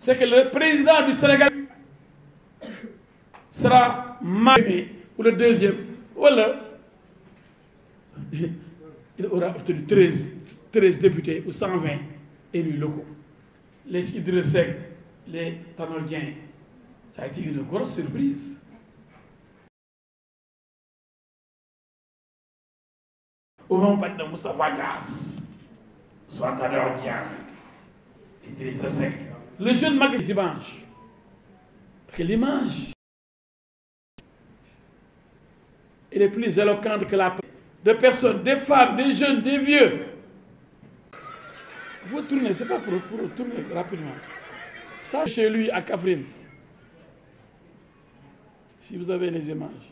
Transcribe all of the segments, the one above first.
c'est que le président du Sénégal sera marié ou le deuxième wala il aura obtenu treize treize députés ou cent vingt élus locaux les Idriss Seck les Tanor Dieng ça a été grosse surprise le jeune Macky Sall dimanche parce que l'image elle la de personnes des femmes des jeunes des vieux vous tournez c'est pas pour pour tourner rapidement ça chez lui à Kaffrine si vous avez les images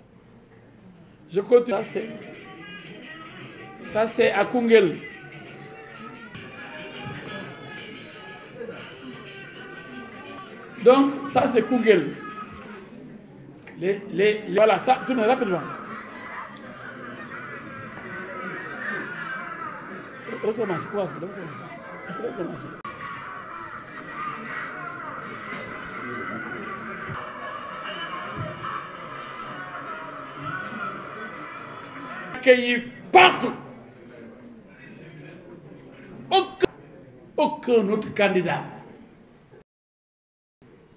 je continue ça c'est à Koungheul donc ça c'est Koungheul les les voilà ça tourne rapidement recommence quoi recommence accueilli partout aucun, aucun autre candidat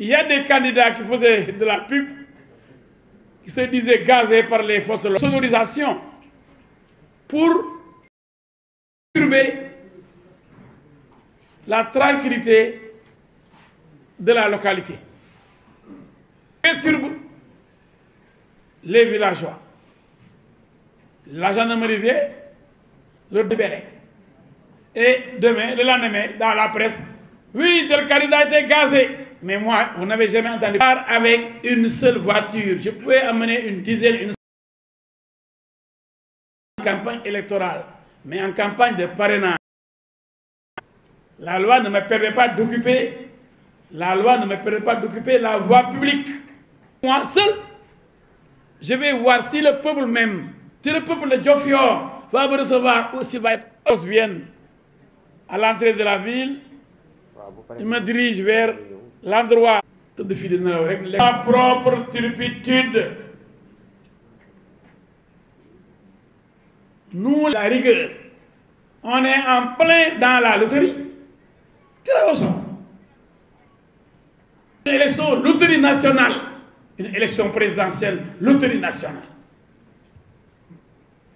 Il y a des candidats qui faisaient de la pub, qui se disaient gazés par les fausses sonorisations pour perturber la tranquillité de la localité. Perturbe les villageois. La gendarmerie vient le libérer. Et demain, le lendemain, dans la presse, oui, tel candidat a été Mais moi, vous n'avez jamais entendu part avec une seule voiture. Je pouvais amener une dizaine, une campagne mais en campagne de parrainage. La loi ne me permet pas d'occuper, la loi ne me permet pas d'occuper la voie publique. Moi seul, je vais voir si le peuple même, si le peuple de Diofior va s'il va être à l'entrée de la ville, il me dirige vers l'endroit tëdd fii la propre turpitude nous la rigueur on est en plein dans la loterie Craoson une élection loterie nationale une élection présidentielle loterie nationale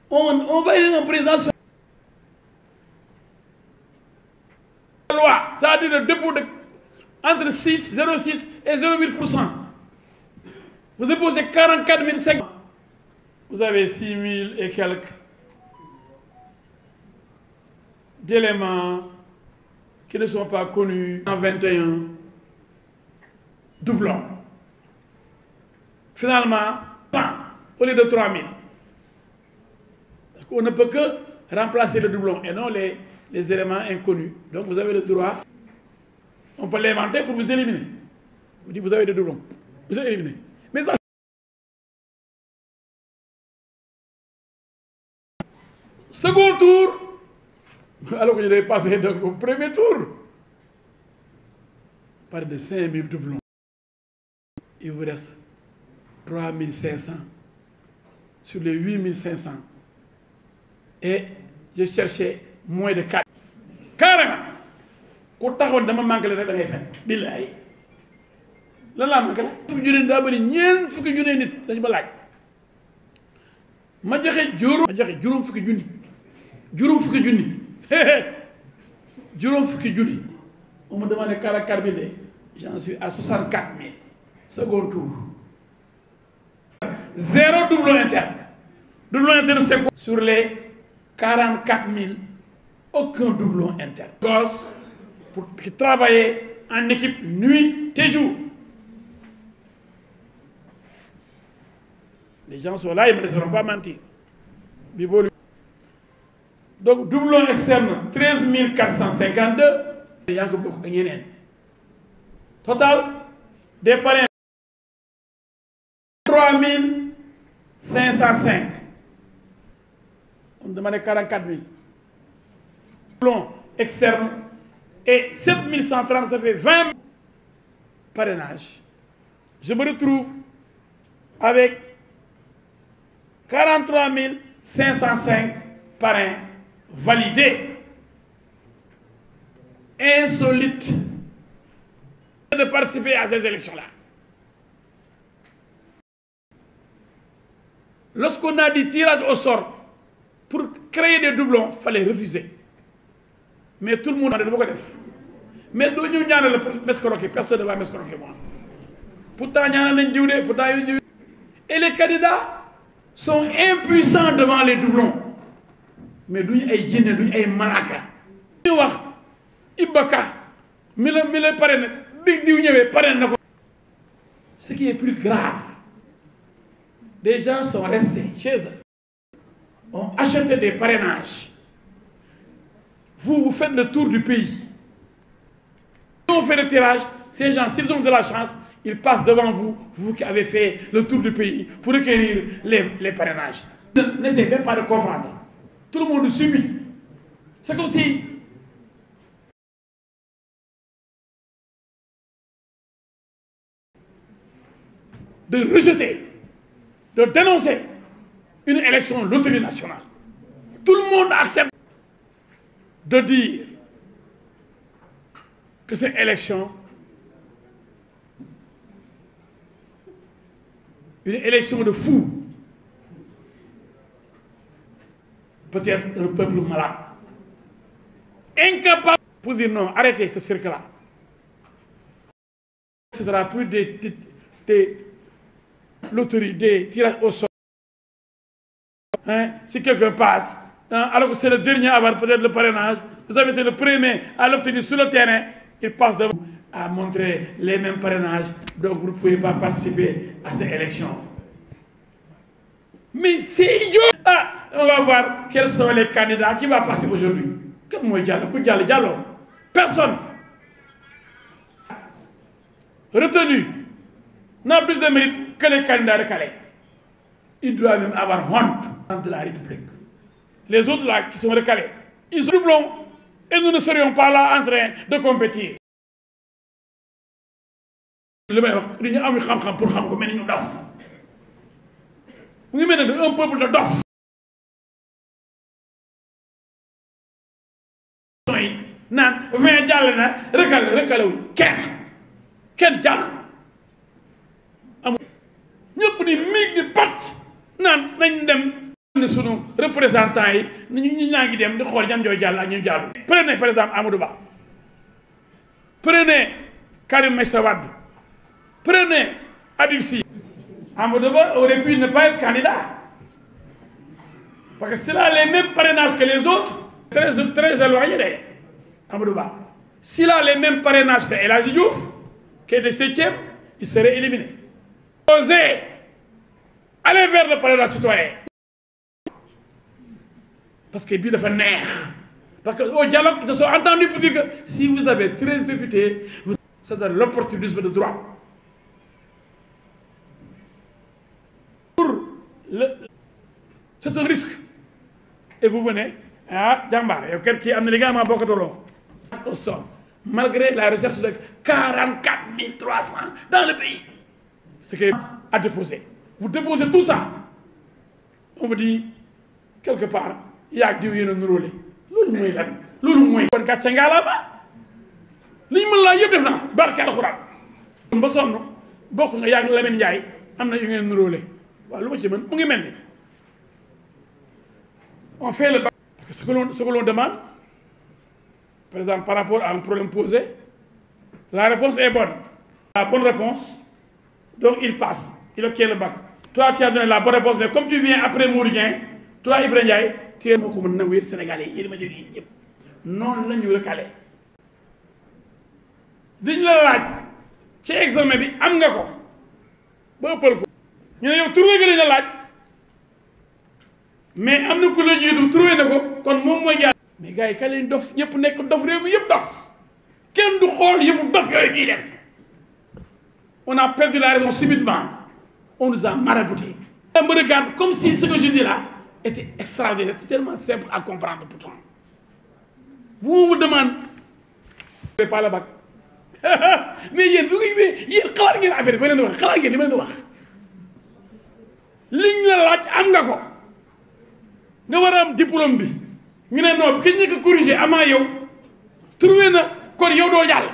on on va loi cest dire le de entre 6 0,6 et 0,8 pour cent vous déposez 44 000 500 vous avez 6 000 et quelques d'éléments qui ne sont pas connus en 21 doublons finalement 100 au lieu de 3 000 parce qu'on ne peut que remplacer le doublon et non les les éléments inconnus donc vous avez le droit on peut l'inventer pour vous second tour alors que je devais passer donc au mille doublons il vous reste trois mille cinq cents sur les huit mille cinq cents et je cherchais moins de quatre ku taxaw dama manqué la rek da ngay fen billaay lan laa manqué la fukki junne nit dañ ma laaj ma joxe juróom juróom fukki junni juróom fukki junni juróom fukki junni on me demande quarante quatre mille j'en suis à soixante quatre mille tour zéro doublon interne doublon interne c'est sur les quarante quatre mille aucun doublon interne pour qui travaillaient en équipe nuit et jour. Les gens sont là, ils ne me laisseront pas mentir. Donc, doublon externe, 13 452. Il y a beaucoup de Total, des parrains, 3 505. On demandait 44 000. Doublon externe, et 7130, ça fait 20 parrainages. Je me retrouve avec 43 505 parrains validés. Insolite de participer à ces élections-là. Lorsqu'on a dit tirage au pour créer des doublons, il fallait mais tout le monde dama ko def mais doo ñëw ñaanal la pour m'escroquer personne ne va m'escroquer moi pourtant ñaanal nañ jiw de pourtant yu jiw et les candidats sont impuissants devant les doublons mais duñu ay jinne duñu ay malaaka ñu wax Ibaka mi la mi la pare na big diw ñëwee pare na ko ce qui est plus grave des gens sont restés chez eux ont des parrainages vous, vous faites le tour du pays. Si on fait le ces gens, s'ils ont de la chance, ils passent devant vous, vous qui avez fait le tour du pays, pour requérir les, les parrainages. N'essayez même pas de comprendre. Tout le monde subit. C'est comme si de rejeter, de dénoncer une élection loterie nationale. Tout le monde accepte. de dire que cette élection, une élection de fous, peut-être un peuple malade, incapable pour dire non, arrêtez ce cirque-là. Ce ne sera plus des, des, des loteries, des au sol. Hein, si quelqu'un passe, alors que c'est le dernier à avoir peut-être le parrainage, vous avez été le premier à l'obtenir sur le terrain, il passe de à montrer les mêmes parrainages, donc vous ne pouvez pas participer à ces élections. Mais c'est idiot ah, On va voir quels sont les candidats qui vont passer aujourd'hui. Comme moi, Diallo, Diallo, Diallo. Personne. Retenu n'a plus de mérite que les candidats recalés. Il doit même avoir honte de la République. les autres là qui sont recalés, ils doublons et nous ne serions pas là en de compétir. li may wax dañu am xam-xam pour xam mel ni ñu ngi mel ne un peuple na recalé recalé wu kenn kenn jàll amul ñëpp di pat naan nañ dem. ne sunu représentant yi ñu ñu naa ngi dem di xool ñan ñooy jàll ak ñu par exemple Amadou Ba Karim Meïssa Wade prenez Habib Sy ne pas être candidat parce que a les mêmes parrainages que les autres très très éloigné de Amadou Ba s'il a les mêmes parrainages que El Hadji Diouf qui est de serait éliminé osez aller vers le parrainage citoyen parce que bii dafa neex parce que au dialogue de sont entendu pour dire que si vous avez treize députés vous c'est un risque et vous venez ah jàmbaar yow kenn am na li nga xam ne bokkatuloo au sol malgré la recherche de quarante quatre mille trois cents dans le pays ce qui à déposer vous déposez tout ça on vous dit quelque part yaag diw yéen a nuróole loolu mooy loolu mooy kon gàcce ngaalaama liñ mën laa yëpp def naa barke alxuraan ba sonn bokk nga yaag Lamine Ndiaye am na yu ngeen nuróole waaw lu ma ci mën mu ngi mel ni on fait le parce que ce que l'on ce que l'on par exemple par rapport à un problème posé la réponse est bonne la bonne réponse donc il passe il obtient le bac toi tu as la bonne réponse mais comme tu viens après Mourou Dieng toi Ibrahima Ndiaye te yéen moo ko mën nangu yéen Sénégalais yi yéen ma jëriñ ñëpp noonu la ñu recalé dañ la laaj ci examen bi am nga ko ba ëppal ko ñu yow trouvé nga lañ la laaj mais am na ku la jiitu trouvé na ko kon moom mooy jaar mais gars yi ka leen dof ñëpp nekk dof réew mi yëpp dof kenn du xool yëpp dof yooyu ñuy def on a perdu la raison subitement on nous a marabouté. on me comme si ce que je dis là. était extraordinaire. C'est tellement simple à comprendre pourtant. Vous vous demandez, vous pas le mais yéen bu ngeen yéen xalaat ngeen affaire bi ma leen di wax li ma la laaj am nga ko nga war a am diplôme bi ñu ne non ki ñu ko amaa yow trouvé na kon yow doo jàll.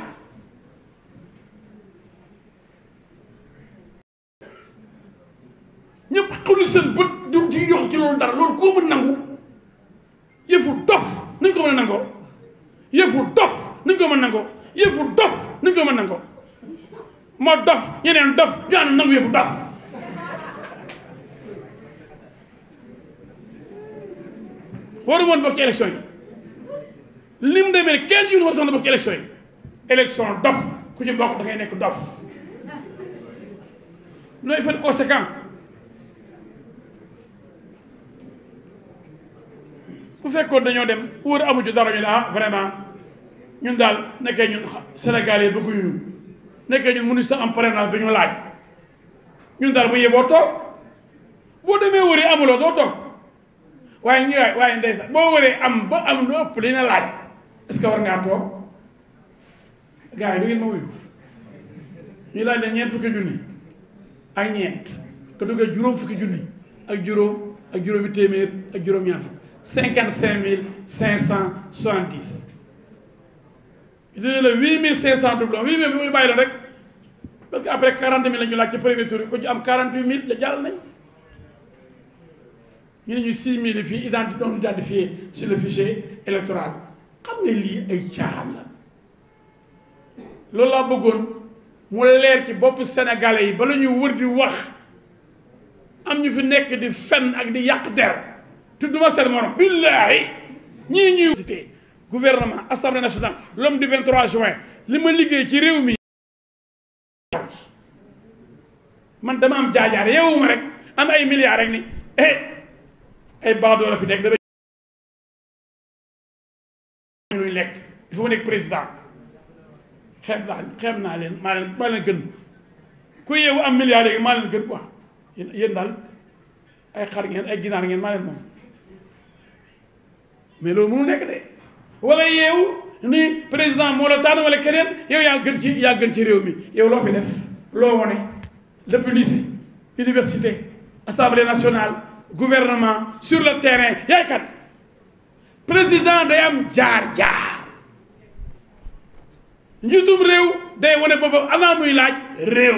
dara loolu koo mën nangu yëfu dof nañ ko mën a nangoo yëfu dof nañ ko mën a nangoo yëfu dof nañ ko mën a nangoo moo dof ñeneen dof ñu ànd nangu yëfu dof waru woon bokk ci élection yi li mu demee kenn jur war sax na bokk ci élection yi élection dof ku ci bokk da nekk dof looy fait conséquent fekkoon dañoo dem wóor amu ci dara ñu ne ah vraiment ñun daal nekkee ñun Sénégalais bëgguñu ñu nekkee ñun ministre am ñu laaj ñun daal bu yeboo demee wëri amuloo doo boo wëree am ba am que war ngaa toog gars ñu laaj ñeent fukki junni ak ñeent te du juróom fukki junni ak juróom ak juróomi téeméer ak juróom-ñaar fukk cinquante cinq mille cinq cent soixante dix dina la huit mille cinq cent doublon huit mille bi muy bàyyi la rek parce quarante mille la ñu laaj ci premier tour yi ku ci am quarante huit mille da jàll nañ ñu ne ñu six mille yi fii identi doon identifié sur le fichier électoral xam nga lii ay caaxaan la loolu laa bëggoon mu leer ci bopp sénégalais yi bala ñuy wër di wax am ñu fi nekk di fenn ak di yàq der tudduma seen morom billaahi ñii ñuy cité gouvernement assemblée nationale l'homme du trois join li ma liggéey ci réew mi man dama am jaajaar yeewuma rek am ay milliards rek ni eh ay baadoo la fi nekk dama luñ lekk il ma président xeeb naa naa leen maa leen gën ku yeewu am milliards léegi maa leen gën quoi yéen daal ay xar ngeen ay ginaar ngeen ma leen moom mais loolu mënu nekk de wala yeewu ni président moo la tànn wala keneen yow yaa ci yaa gën ci réew mi yow loo fi def loo wone lépp lycée université assemblée nationale gouvernement sur le terrain yaay kat président day am jaar-jaar njiitum réew day wane boppam avant muy laaj réew